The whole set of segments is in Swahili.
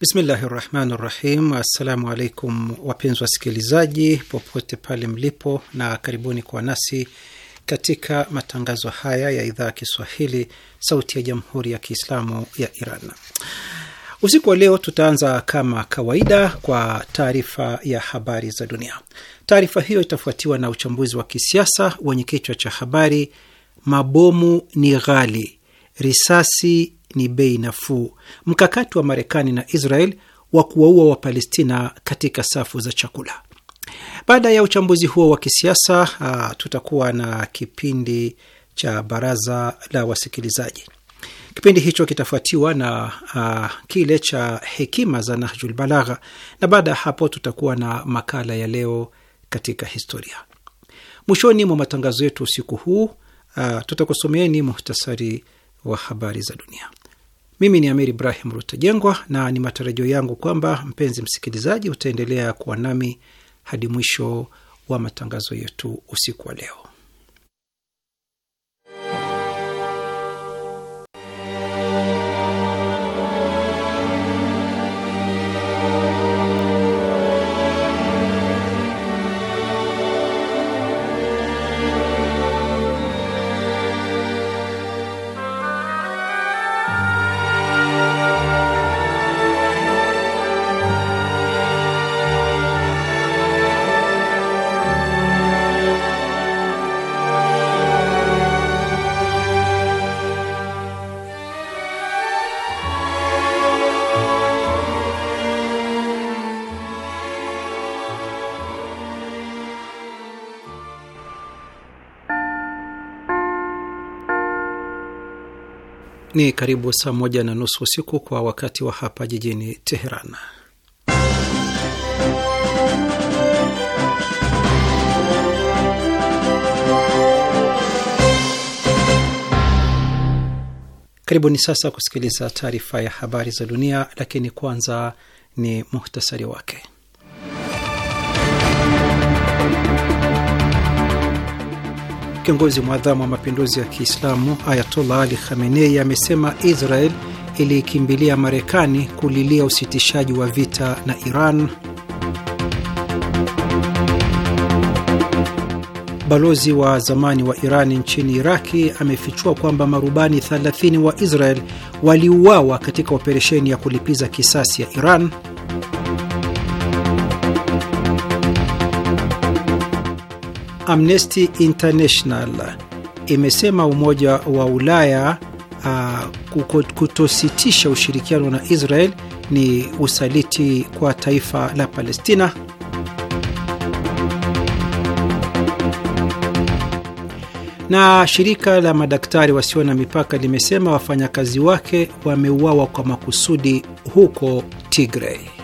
Bismillahi rahmani rahim. Assalamu alaikum wapenzi wasikilizaji popote pale mlipo, na karibuni kwa nasi katika matangazo haya ya idhaa ya Kiswahili sauti ya jamhuri ya Kiislamu ya Iran. Usiku wa leo tutaanza kama kawaida kwa taarifa ya habari za dunia. Taarifa hiyo itafuatiwa na uchambuzi wa kisiasa wenye kichwa cha habari mabomu ni ghali risasi ni bei nafuu, mkakati wa Marekani na Israel wa kuwaua Wapalestina katika safu za chakula. Baada ya uchambuzi huo wa kisiasa, ah, tutakuwa na kipindi cha baraza la wasikilizaji. Kipindi hicho kitafuatiwa na a, ah, kile cha hekima za Nahjul Balagha, na baada ya hapo tutakuwa na makala ya leo katika historia. Mwishoni mwa matangazo yetu usiku huu ah, tutakusomeeni muhtasari wa habari za dunia. Mimi ni Amir Ibrahim Rutajengwa, na ni matarajio yangu kwamba mpenzi msikilizaji utaendelea kuwa nami hadi mwisho wa matangazo yetu usiku wa leo. Ni karibu saa moja na nusu usiku kwa wakati wa hapa jijini Teheran. Karibuni sasa kusikiliza taarifa ya habari za dunia, lakini kwanza ni muhtasari wake. Kiongozi mwadhamu wa mapinduzi ya Kiislamu Ayatollah Ali Khamenei amesema Israel ilikimbilia Marekani kulilia usitishaji wa vita na Iran. Balozi wa zamani wa Iran nchini Iraki amefichua kwamba marubani 30 wa Israel waliuawa katika operesheni ya kulipiza kisasi ya Iran. Amnesty International imesema Umoja wa Ulaya uh, kutositisha ushirikiano na Israel ni usaliti kwa taifa la Palestina. Na shirika la madaktari wasio na mipaka limesema wafanyakazi wake wameuawa kwa makusudi huko Tigray.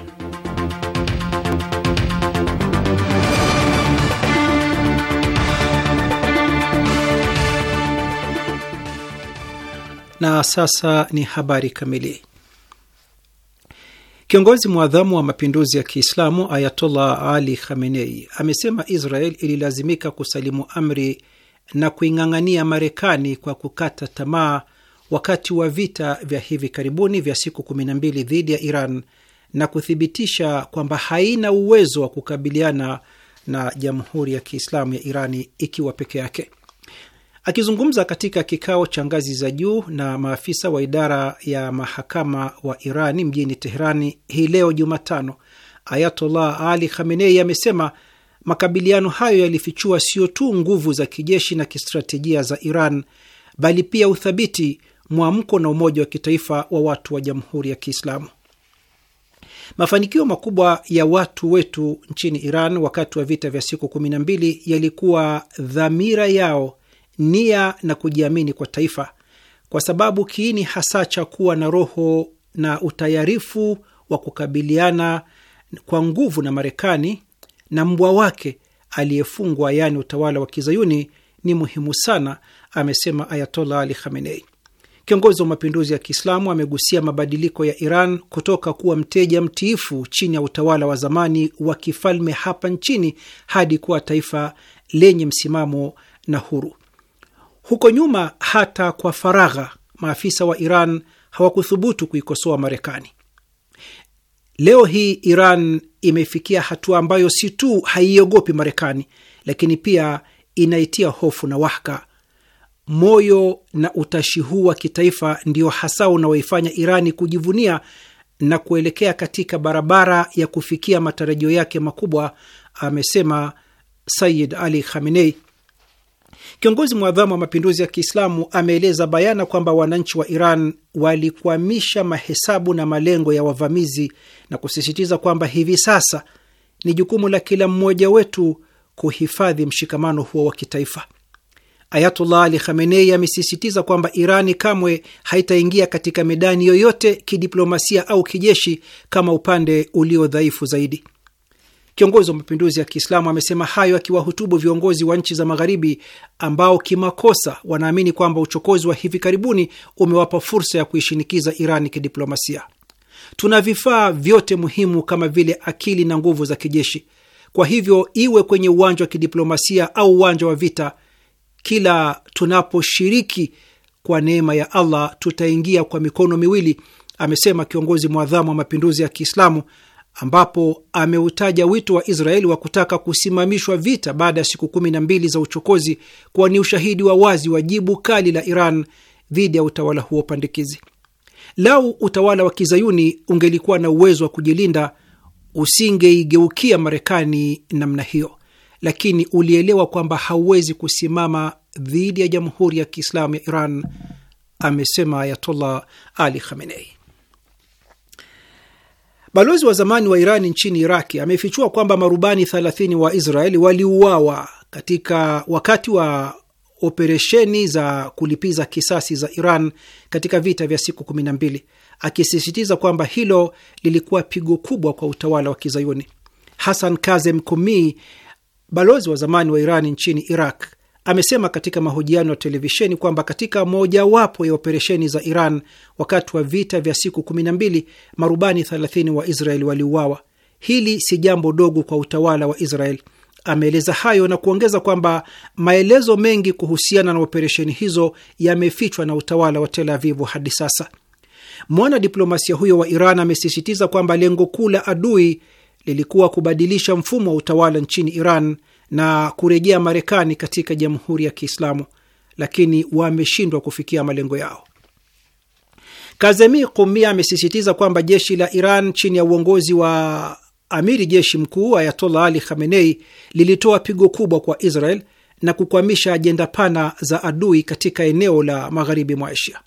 Na sasa ni habari kamili. Kiongozi mwadhamu wa mapinduzi ya Kiislamu Ayatollah Ali Khamenei amesema Israel ililazimika kusalimu amri na kuing'ang'ania Marekani kwa kukata tamaa wakati wa vita vya hivi karibuni vya siku 12 dhidi ya Iran na kuthibitisha kwamba haina uwezo wa kukabiliana na Jamhuri ya Kiislamu ya Irani ikiwa peke yake. Akizungumza katika kikao cha ngazi za juu na maafisa wa idara ya mahakama wa Irani mjini Teherani hii leo Jumatano, Ayatollah Ali Khamenei amesema makabiliano hayo yalifichua sio tu nguvu za kijeshi na kistratejia za Iran bali pia uthabiti, mwamko na umoja wa kitaifa wa watu wa Jamhuri ya Kiislamu. Mafanikio makubwa ya watu wetu nchini Iran wakati wa vita vya siku 12 yalikuwa dhamira yao nia na kujiamini kwa taifa, kwa sababu kiini hasa cha kuwa na roho na utayarifu wa kukabiliana kwa nguvu na Marekani na mbwa wake aliyefungwa, yaani utawala wa kizayuni ni muhimu sana, amesema Ayatollah Ali Khamenei. Kiongozi wa mapinduzi ya Kiislamu amegusia mabadiliko ya Iran kutoka kuwa mteja mtiifu chini ya utawala wa zamani wa kifalme hapa nchini hadi kuwa taifa lenye msimamo na huru. Huko nyuma, hata kwa faragha, maafisa wa Iran hawakuthubutu kuikosoa Marekani. Leo hii Iran imefikia hatua ambayo si tu haiogopi Marekani, lakini pia inaitia hofu na wahaka. Moyo na utashi huu wa kitaifa ndio hasa unaoifanya Irani kujivunia na kuelekea katika barabara ya kufikia matarajio yake makubwa, amesema Sayid Ali Khamenei, Kiongozi mwadhamu wa mapinduzi ya Kiislamu ameeleza bayana kwamba wananchi wa Iran walikwamisha mahesabu na malengo ya wavamizi na kusisitiza kwamba hivi sasa ni jukumu la kila mmoja wetu kuhifadhi mshikamano huo wa kitaifa. Ayatullah Ali Khamenei amesisitiza kwamba Irani kamwe haitaingia katika medani yoyote kidiplomasia au kijeshi kama upande ulio dhaifu zaidi. Kiongozi wa mapinduzi ya Kiislamu amesema hayo akiwahutubu viongozi wa nchi za Magharibi ambao kimakosa wanaamini kwamba uchokozi wa hivi karibuni umewapa fursa ya kuishinikiza Irani kidiplomasia. Tuna vifaa vyote muhimu kama vile akili na nguvu za kijeshi. Kwa hivyo, iwe kwenye uwanja wa kidiplomasia au uwanja wa vita, kila tunaposhiriki kwa neema ya Allah tutaingia kwa mikono miwili, amesema kiongozi mwadhamu wa mapinduzi ya Kiislamu ambapo ameutaja wito wa Israeli wa kutaka kusimamishwa vita baada ya siku kumi na mbili za uchokozi kuwa ni ushahidi wa wazi wa jibu kali la Iran dhidi ya utawala huo pandikizi. Lau utawala wa kizayuni ungelikuwa na uwezo wa kujilinda, usingeigeukia Marekani namna hiyo, lakini ulielewa kwamba hauwezi kusimama dhidi ya jamhuri ya Kiislamu ya Iran, amesema Ayatollah Ali Khamenei. Balozi wa zamani wa Irani nchini Iraki amefichua kwamba marubani 30 wa Israeli waliuawa katika wakati wa operesheni za kulipiza kisasi za Iran katika vita vya siku 12, akisisitiza kwamba hilo lilikuwa pigo kubwa kwa utawala wa Kizayuni. Hassan Kazem Kumi, balozi wa zamani wa Irani nchini Iraq, amesema katika mahojiano ya televisheni kwamba katika mojawapo ya operesheni za Iran wakati wa vita vya siku 12 marubani 30 wa Israel waliuawa. Hili si jambo dogo kwa utawala wa Israel. Ameeleza hayo na kuongeza kwamba maelezo mengi kuhusiana na operesheni hizo yamefichwa na utawala wa Tel Avivu hadi sasa. Mwana diplomasia huyo wa Iran amesisitiza kwamba lengo kuu la adui lilikuwa kubadilisha mfumo wa utawala nchini Iran na kurejea Marekani katika Jamhuri ya Kiislamu, lakini wameshindwa kufikia malengo yao. Kazemi Kumia amesisitiza kwamba jeshi la Iran chini ya uongozi wa amiri jeshi mkuu Ayatollah Ali Khamenei lilitoa pigo kubwa kwa Israel na kukwamisha ajenda pana za adui katika eneo la magharibi mwa Asia.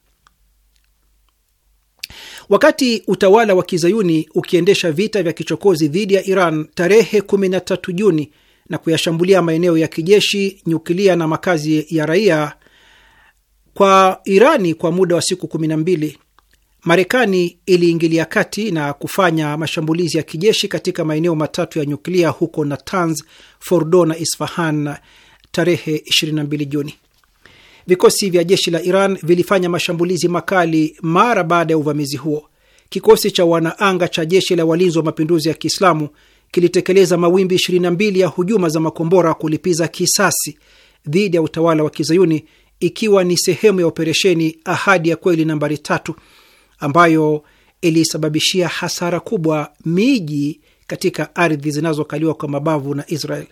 Wakati utawala wa kizayuni ukiendesha vita vya kichokozi dhidi ya Iran tarehe 13 Juni na kuyashambulia maeneo ya kijeshi, nyukilia na makazi ya raia kwa Irani kwa muda wa siku kumi na mbili. Marekani iliingilia kati na kufanya mashambulizi ya kijeshi katika maeneo matatu ya nyuklia huko Natanz, Fordo na Isfahan tarehe 22 Juni. Vikosi vya jeshi la Iran vilifanya mashambulizi makali mara baada ya uvamizi huo. Kikosi cha wanaanga cha jeshi la walinzi wa mapinduzi ya Kiislamu kilitekeleza mawimbi 22 ya hujuma za makombora kulipiza kisasi dhidi ya utawala wa kizayuni ikiwa ni sehemu ya operesheni Ahadi ya Kweli nambari tatu ambayo ilisababishia hasara kubwa miji katika ardhi zinazokaliwa kwa mabavu na Israel.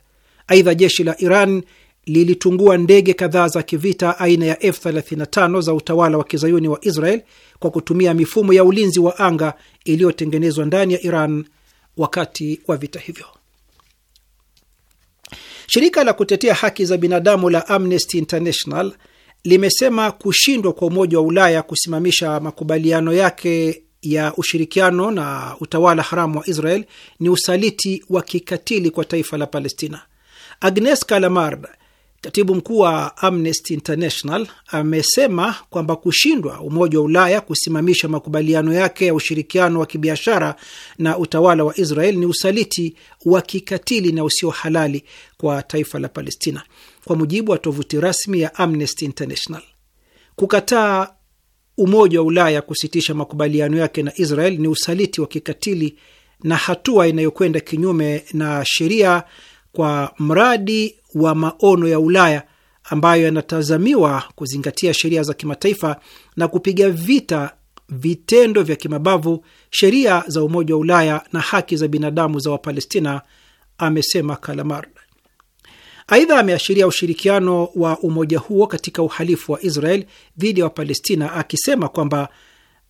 Aidha, jeshi la Iran lilitungua ndege kadhaa za kivita aina ya F35 za utawala wa kizayuni wa Israel kwa kutumia mifumo ya ulinzi wa anga iliyotengenezwa ndani ya Iran wakati wa vita hivyo. Shirika la kutetea haki za binadamu la Amnesty International limesema kushindwa kwa Umoja wa Ulaya kusimamisha makubaliano yake ya ushirikiano na utawala haramu wa Israel ni usaliti wa kikatili kwa taifa la Palestina. Agnes Kalamard Katibu mkuu wa Amnesty International amesema kwamba kushindwa Umoja wa Ulaya kusimamisha makubaliano yake ya ushirikiano wa kibiashara na utawala wa Israel ni usaliti wa kikatili na usio halali kwa taifa la Palestina. Kwa mujibu wa tovuti rasmi ya Amnesty International, kukataa Umoja wa Ulaya kusitisha makubaliano yake na Israel ni usaliti wa kikatili na hatua inayokwenda kinyume na sheria kwa mradi wa maono ya Ulaya ambayo yanatazamiwa kuzingatia sheria za kimataifa na kupiga vita vitendo vya kimabavu, sheria za Umoja wa Ulaya na haki za binadamu za Wapalestina, amesema Kalamar. Aidha, ameashiria ushirikiano wa umoja huo katika uhalifu wa Israel dhidi ya Wapalestina, akisema kwamba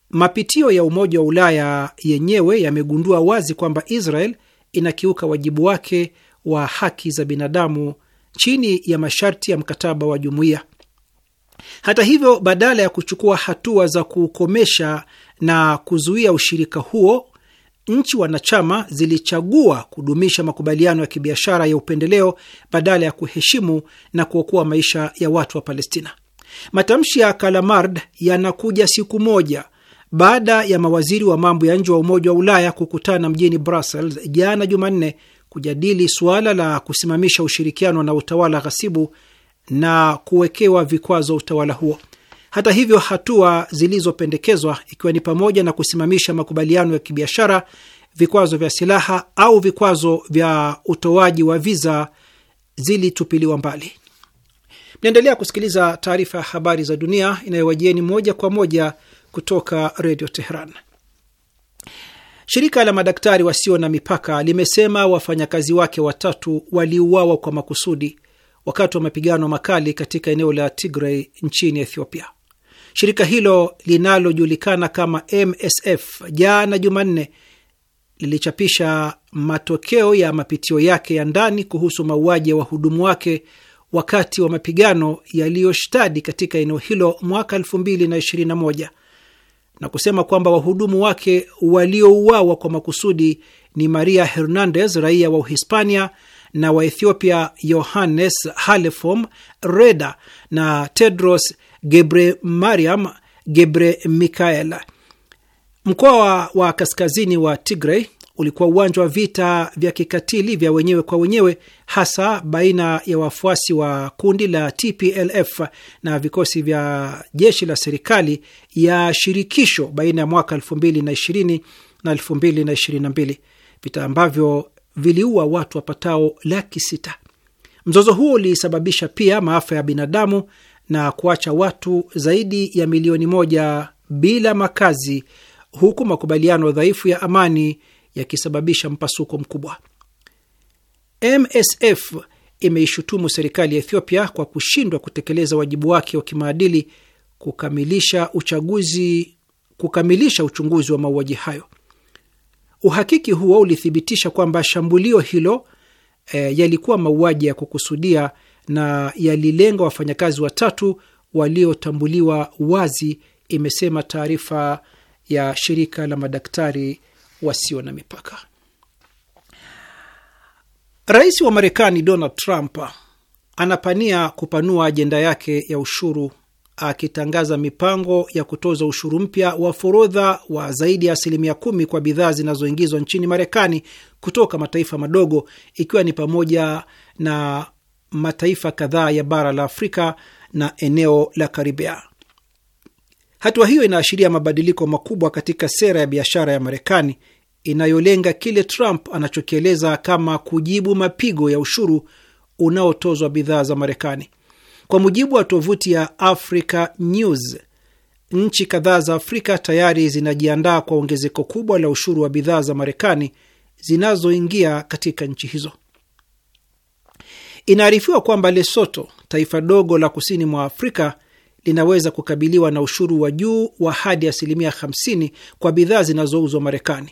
mapitio ya Umoja wa Ulaya yenyewe yamegundua wazi kwamba Israel inakiuka wajibu wake wa haki za binadamu chini ya masharti ya mkataba wa jumuiya. Hata hivyo, badala ya kuchukua hatua za kuukomesha na kuzuia ushirika huo, nchi wanachama zilichagua kudumisha makubaliano ya kibiashara ya upendeleo badala ya kuheshimu na kuokoa maisha ya watu wa Palestina. Matamshi ya Kalamard yanakuja siku moja baada ya mawaziri wa mambo ya nje wa Umoja wa Ulaya kukutana mjini Brussels jana Jumanne kujadili suala la kusimamisha ushirikiano na utawala ghasibu na kuwekewa vikwazo utawala huo. Hata hivyo, hatua zilizopendekezwa ikiwa ni pamoja na kusimamisha makubaliano ya kibiashara, vikwazo vya silaha au vikwazo vya utoaji wa viza zilitupiliwa mbali. Mnaendelea kusikiliza taarifa ya habari za dunia inayowajieni moja kwa moja kutoka Redio Teheran. Shirika la madaktari wasio na mipaka limesema wafanyakazi wake watatu waliuawa kwa makusudi wakati wa mapigano makali katika eneo la Tigray nchini Ethiopia. Shirika hilo linalojulikana kama MSF jana Jumanne lilichapisha matokeo ya mapitio yake ya ndani kuhusu mauaji ya wahudumu wake wakati wa mapigano yaliyoshtadi katika eneo hilo mwaka 2021 na kusema kwamba wahudumu wake waliouawa kwa makusudi ni Maria Hernandez, raia wa Uhispania, na Waethiopia Yohannes Halefom Reda na Tedros Gebre Mariam Gebre Mikael. Mkoa wa kaskazini wa Tigray ulikuwa uwanja wa vita vya kikatili vya wenyewe kwa wenyewe, hasa baina ya wafuasi wa kundi la TPLF na vikosi vya jeshi la serikali ya shirikisho baina ya mwaka 2020 na 2022, vita ambavyo viliua watu wapatao laki sita. Mzozo huo ulisababisha pia maafa ya binadamu na kuacha watu zaidi ya milioni moja bila makazi, huku makubaliano dhaifu ya amani yakisababisha mpasuko mkubwa. MSF imeishutumu serikali ya Ethiopia kwa kushindwa kutekeleza wajibu wake wa kimaadili kukamilisha uchaguzi, kukamilisha uchunguzi wa mauaji hayo. Uhakiki huo ulithibitisha kwamba shambulio hilo e, yalikuwa mauaji ya kukusudia na yalilenga wafanyakazi watatu waliotambuliwa wazi, imesema taarifa ya shirika la madaktari wasio na mipaka. Rais wa Marekani Donald Trump anapania kupanua ajenda yake ya ushuru akitangaza mipango ya kutoza ushuru mpya wa forodha wa zaidi ya asilimia kumi kwa bidhaa zinazoingizwa nchini Marekani kutoka mataifa madogo ikiwa ni pamoja na mataifa kadhaa ya bara la Afrika na eneo la Karibia. Hatua hiyo inaashiria mabadiliko makubwa katika sera ya biashara ya Marekani inayolenga kile Trump anachokieleza kama kujibu mapigo ya ushuru unaotozwa bidhaa za Marekani. Kwa mujibu wa tovuti ya Africa News, nchi kadhaa za Afrika tayari zinajiandaa kwa ongezeko kubwa la ushuru wa bidhaa za Marekani zinazoingia katika nchi hizo. Inaarifiwa kwamba Lesoto, taifa dogo la kusini mwa Afrika, linaweza kukabiliwa na ushuru wa juu wa hadi asilimia 50 kwa bidhaa zinazouzwa Marekani.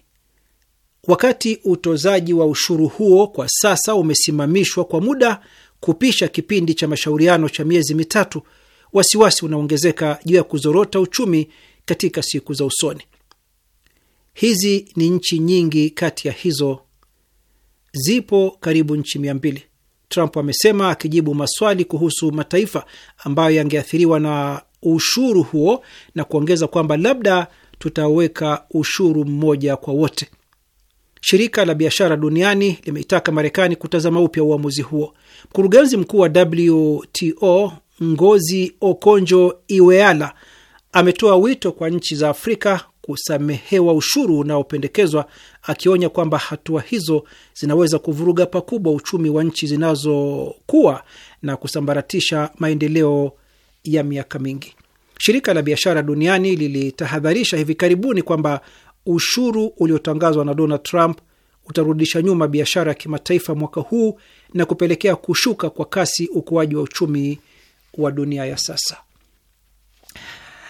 Wakati utozaji wa ushuru huo kwa sasa umesimamishwa kwa muda kupisha kipindi cha mashauriano cha miezi mitatu, wasiwasi unaongezeka juu ya kuzorota uchumi katika siku za usoni. Hizi ni nchi nyingi, kati ya hizo zipo karibu nchi mia mbili. Trump amesema akijibu maswali kuhusu mataifa ambayo yangeathiriwa na ushuru huo na kuongeza kwamba labda tutaweka ushuru mmoja kwa wote. Shirika la biashara duniani limeitaka Marekani kutazama upya uamuzi huo. Mkurugenzi mkuu wa WTO Ngozi Okonjo Iweala ametoa wito kwa nchi za Afrika kusamehewa ushuru unaopendekezwa, akionya kwamba hatua hizo zinaweza kuvuruga pakubwa uchumi wa nchi zinazokuwa na kusambaratisha maendeleo ya miaka mingi. Shirika la biashara duniani lilitahadharisha hivi karibuni kwamba ushuru uliotangazwa na Donald Trump utarudisha nyuma biashara ya kimataifa mwaka huu na kupelekea kushuka kwa kasi ukuaji wa uchumi wa dunia ya sasa.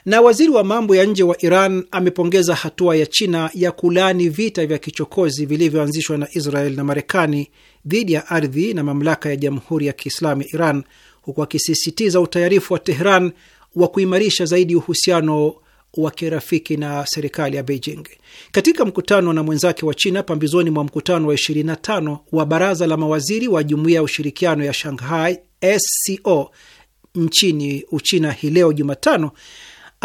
Na waziri wa mambo ya nje wa Iran amepongeza hatua ya China ya kulani vita vya kichokozi vilivyoanzishwa na Israel na Marekani dhidi ya ardhi na mamlaka ya Jamhuri ya Kiislamu ya Iran, huku akisisitiza utayarifu wa teheran wa kuimarisha zaidi uhusiano wa kirafiki na serikali ya Beijing. Katika mkutano na mwenzake wa China pambizoni mwa mkutano wa 25 wa baraza la mawaziri wa jumuiya ya ushirikiano ya Shanghai SCO nchini Uchina hii leo Jumatano,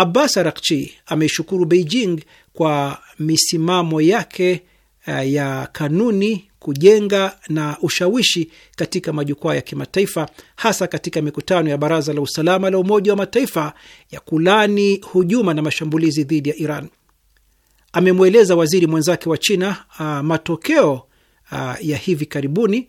Abbas Arakchi ameshukuru Beijing kwa misimamo yake eh, ya kanuni, kujenga na ushawishi katika majukwaa ya kimataifa, hasa katika mikutano ya Baraza la Usalama la Umoja wa Mataifa ya kulani hujuma na mashambulizi dhidi ya Iran. Amemweleza waziri mwenzake wa China a, ah, matokeo a, ah, ya hivi karibuni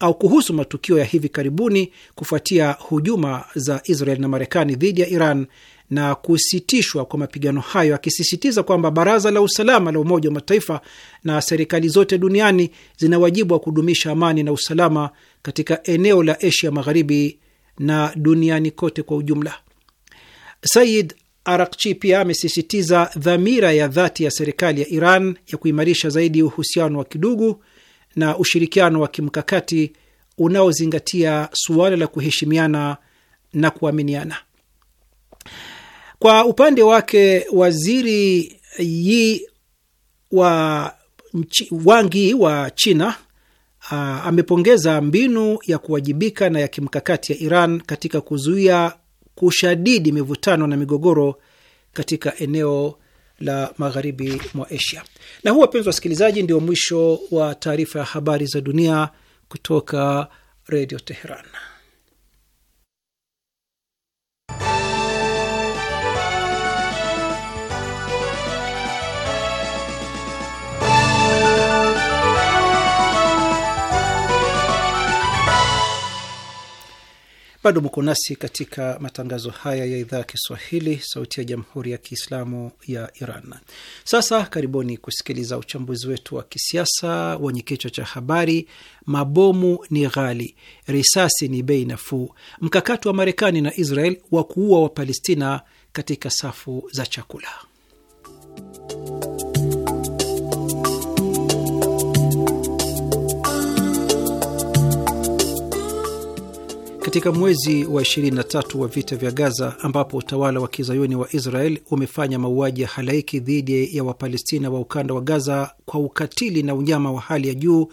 au kuhusu matukio ya hivi karibuni kufuatia hujuma za Israel na Marekani dhidi ya Iran na kusitishwa kwa mapigano hayo, akisisitiza kwamba baraza la usalama la Umoja wa Mataifa na serikali zote duniani zina wajibu wa kudumisha amani na usalama katika eneo la Asia Magharibi na duniani kote kwa ujumla. Said Arakchi pia amesisitiza dhamira ya dhati ya serikali ya Iran ya kuimarisha zaidi uhusiano wa kidugu na ushirikiano wa kimkakati unaozingatia suala la kuheshimiana na kuaminiana. Kwa upande wake waziri Yi wa Wangi wa China uh, amepongeza mbinu ya kuwajibika na ya kimkakati ya Iran katika kuzuia kushadidi mivutano na migogoro katika eneo la magharibi mwa Asia. Na huu, wapenzi wasikilizaji, ndio mwisho wa taarifa ya habari za dunia kutoka Redio Teheran. Bado mko nasi katika matangazo haya ya idhaa ya Kiswahili, sauti ya jamhuri ya kiislamu ya Iran. Sasa karibuni kusikiliza uchambuzi wetu wa kisiasa wenye kichwa cha habari: mabomu ni ghali, risasi ni bei nafuu, mkakati wa Marekani na Israel wa kuua Wapalestina katika safu za chakula. katika mwezi wa 23 wa vita vya Gaza ambapo utawala wa kizayuni wa Israel umefanya mauaji ya halaiki dhidi ya Wapalestina wa ukanda wa Gaza kwa ukatili na unyama wa hali ya juu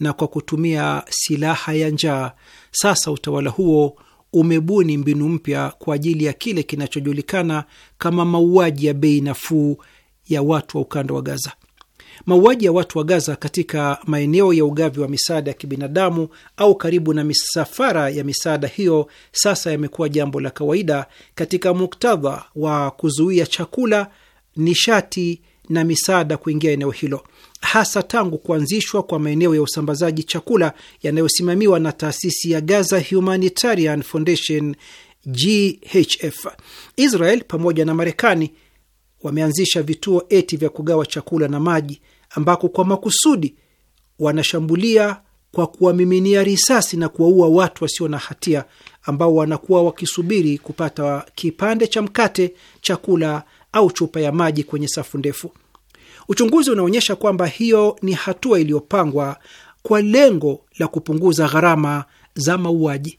na kwa kutumia silaha ya njaa. Sasa utawala huo umebuni mbinu mpya kwa ajili ya kile kinachojulikana kama mauaji ya bei nafuu ya watu wa ukanda wa Gaza. Mauaji ya watu wa Gaza katika maeneo ya ugavi wa misaada ya kibinadamu au karibu na misafara ya misaada hiyo sasa yamekuwa jambo la kawaida katika muktadha wa kuzuia chakula, nishati na misaada kuingia eneo hilo, hasa tangu kuanzishwa kwa maeneo ya usambazaji chakula yanayosimamiwa na taasisi ya Gaza Humanitarian Foundation GHF. Israel pamoja na Marekani wameanzisha vituo eti vya kugawa chakula na maji, ambako kwa makusudi wanashambulia kwa kuwamiminia risasi na kuwaua watu wasio na hatia ambao wanakuwa wakisubiri kupata kipande cha mkate, chakula au chupa ya maji kwenye safu ndefu. Uchunguzi unaonyesha kwamba hiyo ni hatua iliyopangwa kwa lengo la kupunguza gharama za mauaji.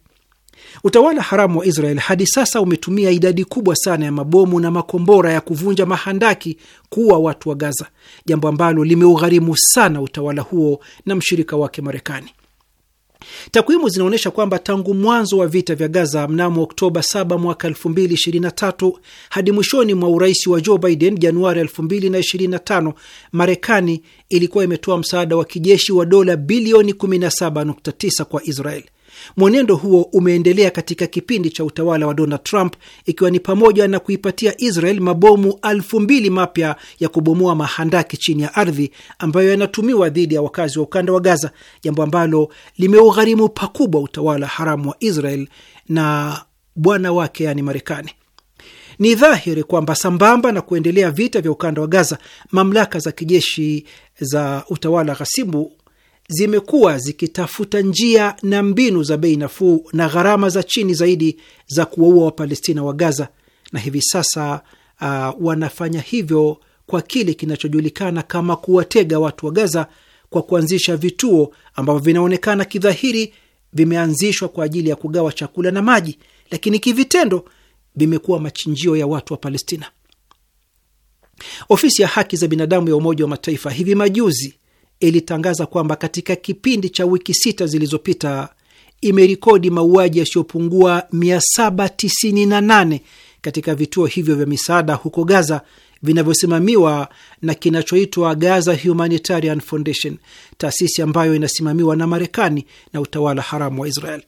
Utawala haramu wa Israel hadi sasa umetumia idadi kubwa sana ya mabomu na makombora ya kuvunja mahandaki kuua watu wa Gaza, jambo ambalo limeugharimu sana utawala huo na mshirika wake Marekani. Takwimu zinaonyesha kwamba tangu mwanzo wa vita vya Gaza mnamo Oktoba 7 mwaka 2023 hadi mwishoni mwa urais wa Joe Biden Januari 2025, Marekani ilikuwa imetoa msaada wa kijeshi wa dola bilioni 17.9 kwa Israel. Mwenendo huo umeendelea katika kipindi cha utawala wa Donald Trump, ikiwa ni pamoja na kuipatia Israel mabomu elfu mbili mapya ya kubomoa mahandaki chini ya ardhi ambayo yanatumiwa dhidi ya wakazi wa ukanda wa Gaza, jambo ambalo limeugharimu pakubwa utawala haramu wa Israel na bwana wake, yaani Marekani. Ni dhahiri kwamba sambamba na kuendelea vita vya ukanda wa Gaza, mamlaka za kijeshi za utawala ghasibu zimekuwa zikitafuta njia na mbinu za bei nafuu na gharama za chini zaidi za kuwaua Wapalestina wa Gaza, na hivi sasa uh, wanafanya hivyo kwa kile kinachojulikana kama kuwatega watu wa Gaza kwa kuanzisha vituo ambavyo vinaonekana kidhahiri vimeanzishwa kwa ajili ya kugawa chakula na maji, lakini kivitendo vimekuwa machinjio ya watu wa Palestina. Ofisi ya haki za binadamu ya Umoja wa Mataifa hivi majuzi ilitangaza kwamba katika kipindi cha wiki sita zilizopita imerekodi mauaji yasiyopungua 798 katika vituo hivyo vya misaada huko Gaza vinavyosimamiwa na kinachoitwa Gaza Humanitarian Foundation, taasisi ambayo inasimamiwa na Marekani na utawala haramu wa Israel.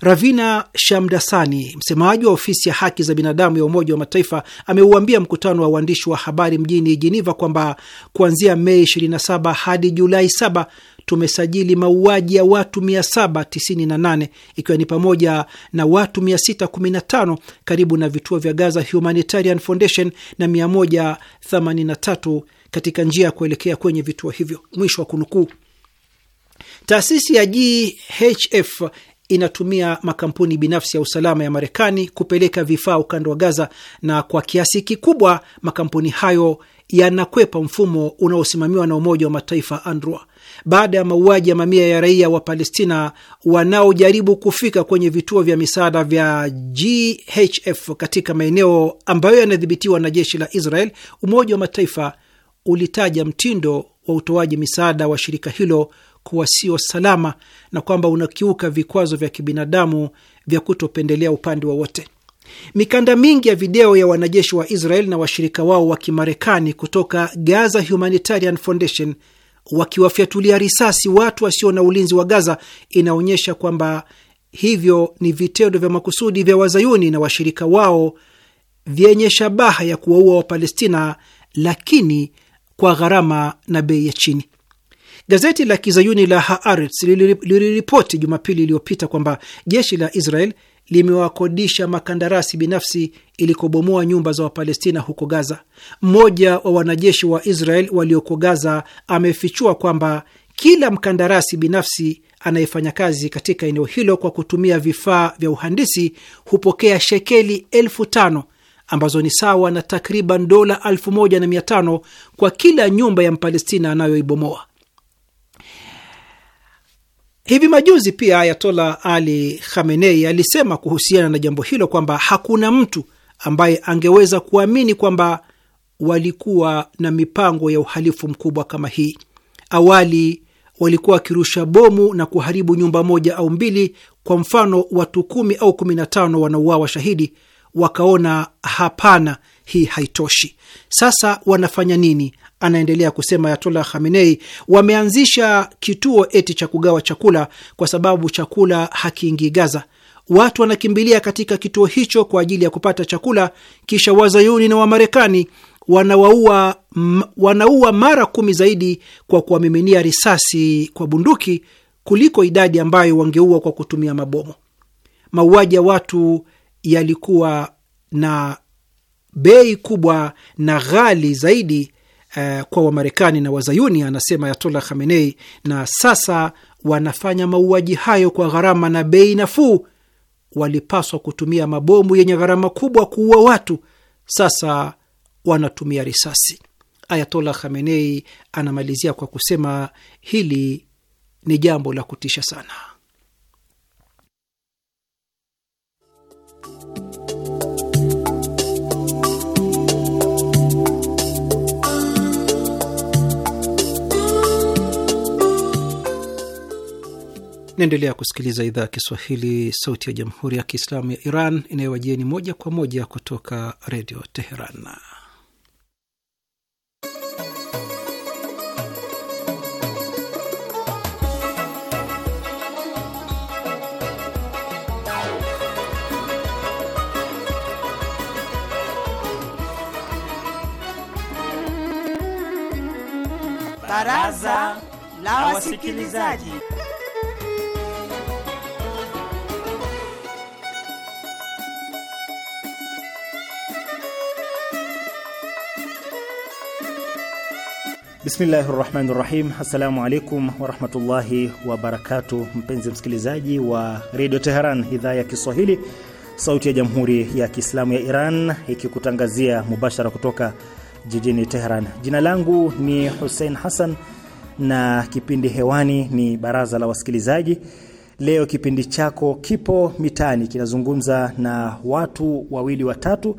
Ravina Shamdasani, msemaji wa ofisi ya haki za binadamu ya Umoja wa Mataifa, ameuambia mkutano wa waandishi wa habari mjini Jeniva kwamba kuanzia Mei 27 hadi Julai 7 tumesajili mauaji ya watu 798 ikiwa ni pamoja na watu 615 karibu na vituo vya Gaza Humanitarian Foundation na 183 katika njia ya kuelekea kwenye vituo hivyo. Mwisho wa kunukuu. Taasisi ya GHF inatumia makampuni binafsi ya usalama ya Marekani kupeleka vifaa ukanda wa Gaza, na kwa kiasi kikubwa makampuni hayo yanakwepa mfumo unaosimamiwa na Umoja wa Mataifa ANDRUA. Baada ya mauaji ya mamia ya raia wa Palestina wanaojaribu kufika kwenye vituo vya misaada vya GHF katika maeneo ambayo yanadhibitiwa na jeshi la Israel, Umoja wa Mataifa ulitaja mtindo wa utoaji misaada wa shirika hilo kuwa sio salama na kwamba unakiuka vikwazo vya kibinadamu vya kutopendelea upande wowote. Mikanda mingi ya video ya wanajeshi wa Israel na washirika wao wa Kimarekani kutoka Gaza Humanitarian Foundation wakiwafyatulia risasi watu wasio na ulinzi wa Gaza inaonyesha kwamba hivyo ni vitendo vya makusudi vya wazayuni na washirika wao vyenye shabaha ya kuwaua Wapalestina, lakini kwa gharama na bei ya chini. Gazeti la kizayuni la Haaretz liliripoti Jumapili iliyopita kwamba jeshi la Israel limewakodisha makandarasi binafsi ili kubomoa nyumba za Wapalestina huko Gaza. Mmoja wa wanajeshi wa Israel walioko Gaza amefichua kwamba kila mkandarasi binafsi anayefanya kazi katika eneo hilo kwa kutumia vifaa vya uhandisi hupokea shekeli elfu tano ambazo ni sawa na takriban dola elfu moja na mia tano kwa kila nyumba ya Mpalestina anayoibomoa. Hivi majuzi pia Ayatola Ali Khamenei alisema kuhusiana na jambo hilo kwamba hakuna mtu ambaye angeweza kuamini kwamba walikuwa na mipango ya uhalifu mkubwa kama hii. Awali walikuwa wakirusha bomu na kuharibu nyumba moja au mbili, kwa mfano watu kumi au kumi na tano wanauawa shahidi, wakaona hapana, hii haitoshi. Sasa wanafanya nini? anaendelea kusema Ayatollah Khamenei, wameanzisha kituo eti cha kugawa chakula kwa sababu chakula hakiingii Gaza. Watu wanakimbilia katika kituo hicho kwa ajili ya kupata chakula, kisha wazayuni na wamarekani wanawaua, wanaua mara kumi zaidi kwa kuwamiminia risasi kwa bunduki kuliko idadi ambayo wangeua kwa kutumia mabomu. Mauaji ya watu yalikuwa na bei kubwa na ghali zaidi eh, kwa Wamarekani na Wazayuni, anasema Ayatollah Khamenei, na sasa wanafanya mauaji hayo kwa gharama na bei nafuu. Walipaswa kutumia mabomu yenye gharama kubwa kuua watu, sasa wanatumia risasi. Ayatollah Khamenei anamalizia kwa kusema hili ni jambo la kutisha sana. Naendelea kusikiliza idhaa ya Kiswahili, sauti ya jamhuri ya kiislamu ya Iran inayowajieni moja kwa moja kutoka redio Teheran. Baraza la Wasikilizaji. Bismillahi rahmani rahim. Assalamu alaikum warahmatullahi wabarakatu, mpenzi msikilizaji wa redio Teheran, idhaa ya Kiswahili, sauti ya jamhuri ya kiislamu ya Iran, ikikutangazia mubashara kutoka jijini Teheran. Jina langu ni Husein Hassan na kipindi hewani ni baraza la wasikilizaji. Leo kipindi chako kipo mitaani kinazungumza na watu wawili watatu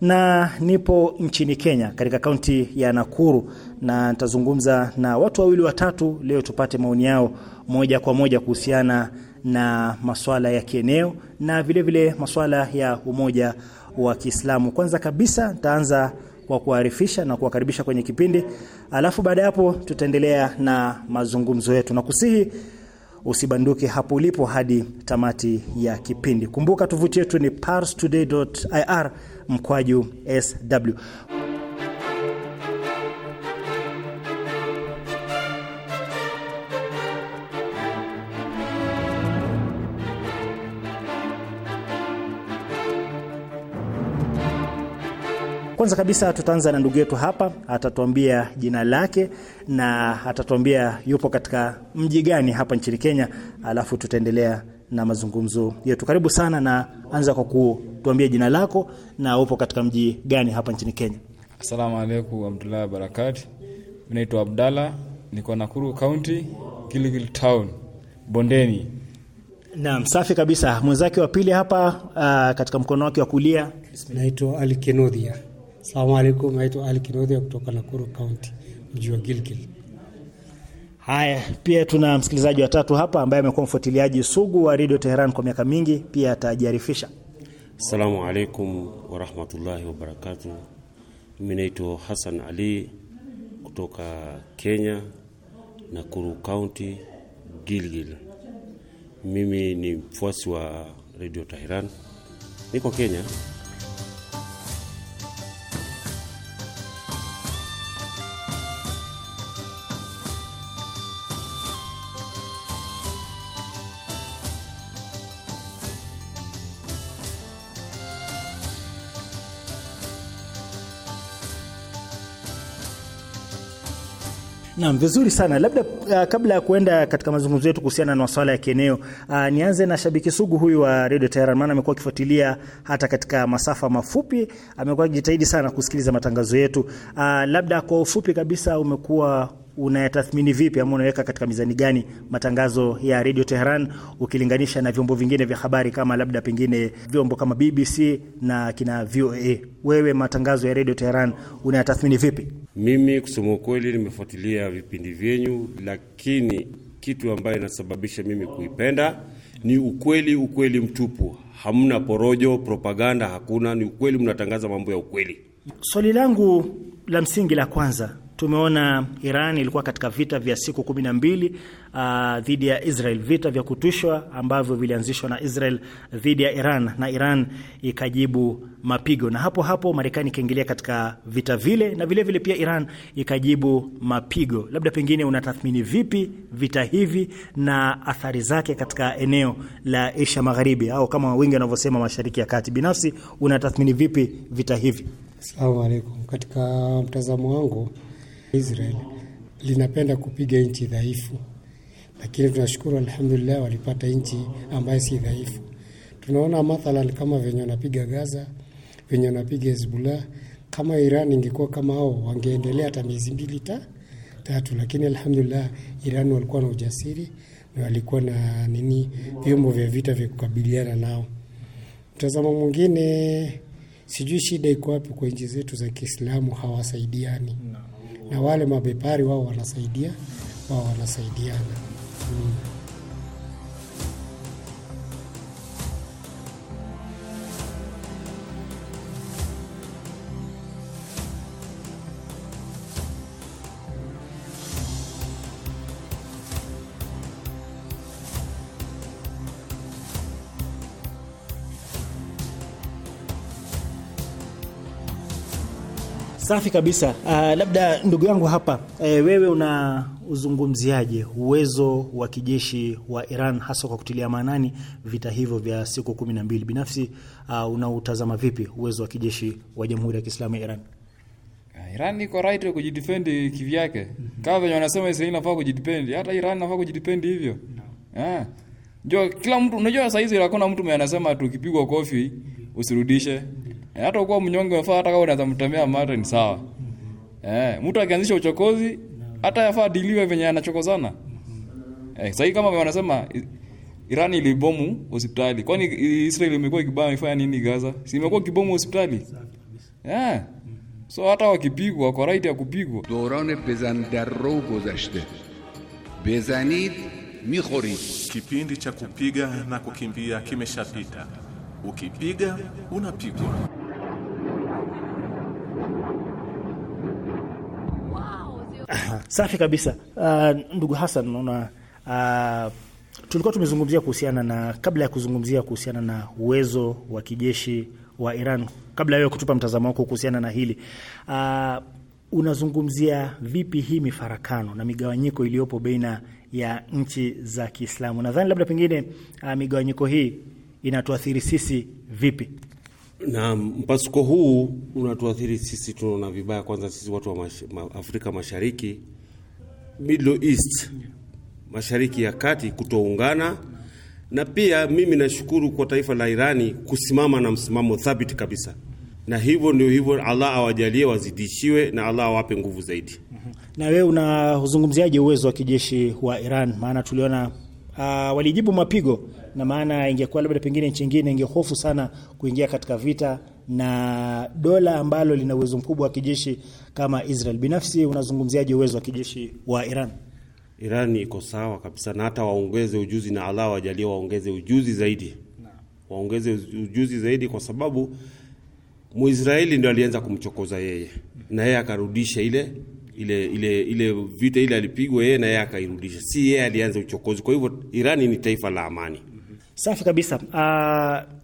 na nipo nchini Kenya katika kaunti ya Nakuru na nitazungumza na watu wawili watatu leo tupate maoni yao moja kwa moja kuhusiana na masuala ya kieneo na vilevile vile masuala ya umoja wa Kiislamu. Kwanza kabisa nitaanza kwa kuarifisha na kuwakaribisha kwenye kipindi, alafu baada ya hapo tutaendelea na mazungumzo yetu, na kusihi usibanduke hapo ulipo hadi tamati ya kipindi. Kumbuka tovuti yetu ni parstoday.ir mkwaju sw. Kwanza kabisa tutaanza na ndugu yetu hapa, atatuambia jina lake na atatuambia yupo katika mji gani hapa nchini Kenya, alafu tutaendelea na mazungumzo yetu. Karibu sana, na anza kwa kutuambia jina lako na upo katika mji gani hapa nchini Kenya? Asalamu alaikum warahmatullahi wabarakatu. Naitwa Abdalla, niko Nakuru County, Gilgil Town, Bondeni. Naam, safi kabisa. Mwenzake wa pili hapa, uh, katika mkono wake wa kulia naitwa Ali salamu Asalamu alaikum, naitwa Ali kutoka Nakuru County, mji wa Gilgil. Haya, pia tuna msikilizaji wa tatu hapa ambaye amekuwa mfuatiliaji sugu wa Radio Teheran kwa miaka mingi, pia atajiarifisha. Assalamu alaikum warahmatullahi barakatuh Mimi naitwa Hassan Ali kutoka Kenya, Nakuru County, Gilgil. Mimi ni mfuasi wa Radio Teheran, niko Kenya. Naam, vizuri sana. Labda uh, kabla ya kuenda katika mazungumzo yetu kuhusiana na masuala ya kieneo uh, nianze na shabiki sugu huyu wa Radio Tehran, maana amekuwa akifuatilia hata katika masafa mafupi, amekuwa akijitahidi sana kusikiliza matangazo yetu. Uh, labda kwa ufupi kabisa, umekuwa unayatathmini vipi ama unaweka katika mizani gani matangazo ya Radio Tehran ukilinganisha na vyombo vingine vya habari kama labda pengine vyombo kama BBC na kina VOA? Wewe matangazo ya Radio Tehran unayatathmini vipi? Mimi kusema ukweli nimefuatilia vipindi vyenyu, lakini kitu ambayo inasababisha mimi kuipenda ni ukweli, ukweli mtupu. Hamna porojo, propaganda hakuna, ni ukweli, mnatangaza mambo ya ukweli. Swali langu la msingi la kwanza Tumeona Iran ilikuwa katika vita vya siku kumi na uh, dhidi ya Israel, vita vya kutushwa ambavyo vilianzishwa na Israel dhidi ya Iran na Iran ikajibu mapigo, na hapo hapo Marekani ikaingilia katika vita vile, na vilevile vile pia Iran ikajibu mapigo. Labda pengine unatathmini vipi vita hivi na athari zake katika eneo la Asia Magharibi au kama wengi wanavyosema Mashariki ya Kati? Binafsi unatathmini vipi vita hivi? Asalamu alaikum. Katika mtazamo wangu Israel linapenda kupiga nchi dhaifu, lakini tunashukuru alhamdulillah, walipata nchi ambayo si dhaifu. Tunaona mathalan kama venye wanapiga Gaza, venye wanapiga Hezbollah. Kama Iran ingekuwa kama hao, wangeendelea hata miezi mbili ta tatu, lakini alhamdulillah, Iran walikuwa na ujasiri na walikuwa na nini, vyombo vya vita vya kukabiliana nao. Mtazamo mwingine, sijui shida iko wapi kwa nchi zetu za Kiislamu, hawasaidiani no na wale mabepari wao wanasaidia wao wanasaidiana mm. Safi kabisa. Uh, labda ndugu yangu hapa e, wewe unauzungumziaje uwezo wa kijeshi wa Iran hasa kwa kutilia maanani vita hivyo vya siku kumi na mbili? Binafsi uh, unautazama vipi uwezo wa kijeshi wa Jamhuri ya Kiislamu ya Iran? Ah, Iran iko right ya kujidefend kivyake. Mm -hmm. Kama venye wanasema Israeli inafaa kujidepend, hata Iran inafaa kujidepend hivyo. No. Ah. jo kila mtu unajua saizi hizi hakuna mtu mwenye anasema tukipigwa kofi usirudishe. Mm -hmm. E, hata ukuwa mnyonge wafaa hata kama unaweza mtemea mate ni sawa. Eh, mtu akianzisha uchokozi hata yafaa diliwe venye anachokozana. Eh, sasa kama wanasema Iran ilibomu hospitali. Kwani Israel imekuwa ikibaa ifanya nini Gaza? Si imekuwa kibomu hospitali? Eh. Yeah. So hata wakipigwa kwa right ya kupigwa. Doran bezan darro gozashte. Bezanid mikhori. Kipindi cha kupiga na kukimbia kimeshapita. Ukipiga unapigwa. Safi kabisa. Uh, ndugu Hassan, naona uh, ah, tulikuwa tumezungumzia kuhusiana na kabla ya kuzungumzia kuhusiana na uwezo wa kijeshi wa Iran, kabla ya kutupa mtazamo wako kuhusiana na hili uh, unazungumzia vipi hii mifarakano na migawanyiko iliyopo baina ya nchi za Kiislamu? Nadhani labda pengine uh, migawanyiko hii inatuathiri sisi vipi? Na mpasuko huu unatuathiri sisi, tunaona vibaya. Kwanza sisi watu wa mash, ma, Afrika Mashariki, Middle East, Mashariki ya Kati kutoungana, na pia mimi nashukuru kwa taifa la Irani kusimama na msimamo thabiti kabisa, na hivyo ndio hivyo. Allah awajalie wazidishiwe, na Allah awape nguvu zaidi. Na wewe unazungumziaje uwezo wa kijeshi wa Iran? Maana tuliona uh, walijibu mapigo na maana ingekuwa labda pengine nchi nyingine ingehofu sana kuingia katika vita na dola ambalo lina uwezo mkubwa wa kijeshi kama Israel. Binafsi unazungumziaje uwezo wa kijeshi wa Iran? Iran iko sawa kabisa, na hata waongeze ujuzi, na Allah wajalie waongeze ujuzi zaidi na, waongeze ujuzi zaidi, kwa sababu Muisraeli ndio alianza kumchokoza yeye na yeye akarudisha ile ile ile ile vita ile alipigwa yeye na yeye akairudisha, si yeye alianza uchokozi. Kwa hivyo Irani ni taifa la amani, Safi kabisa. Uh,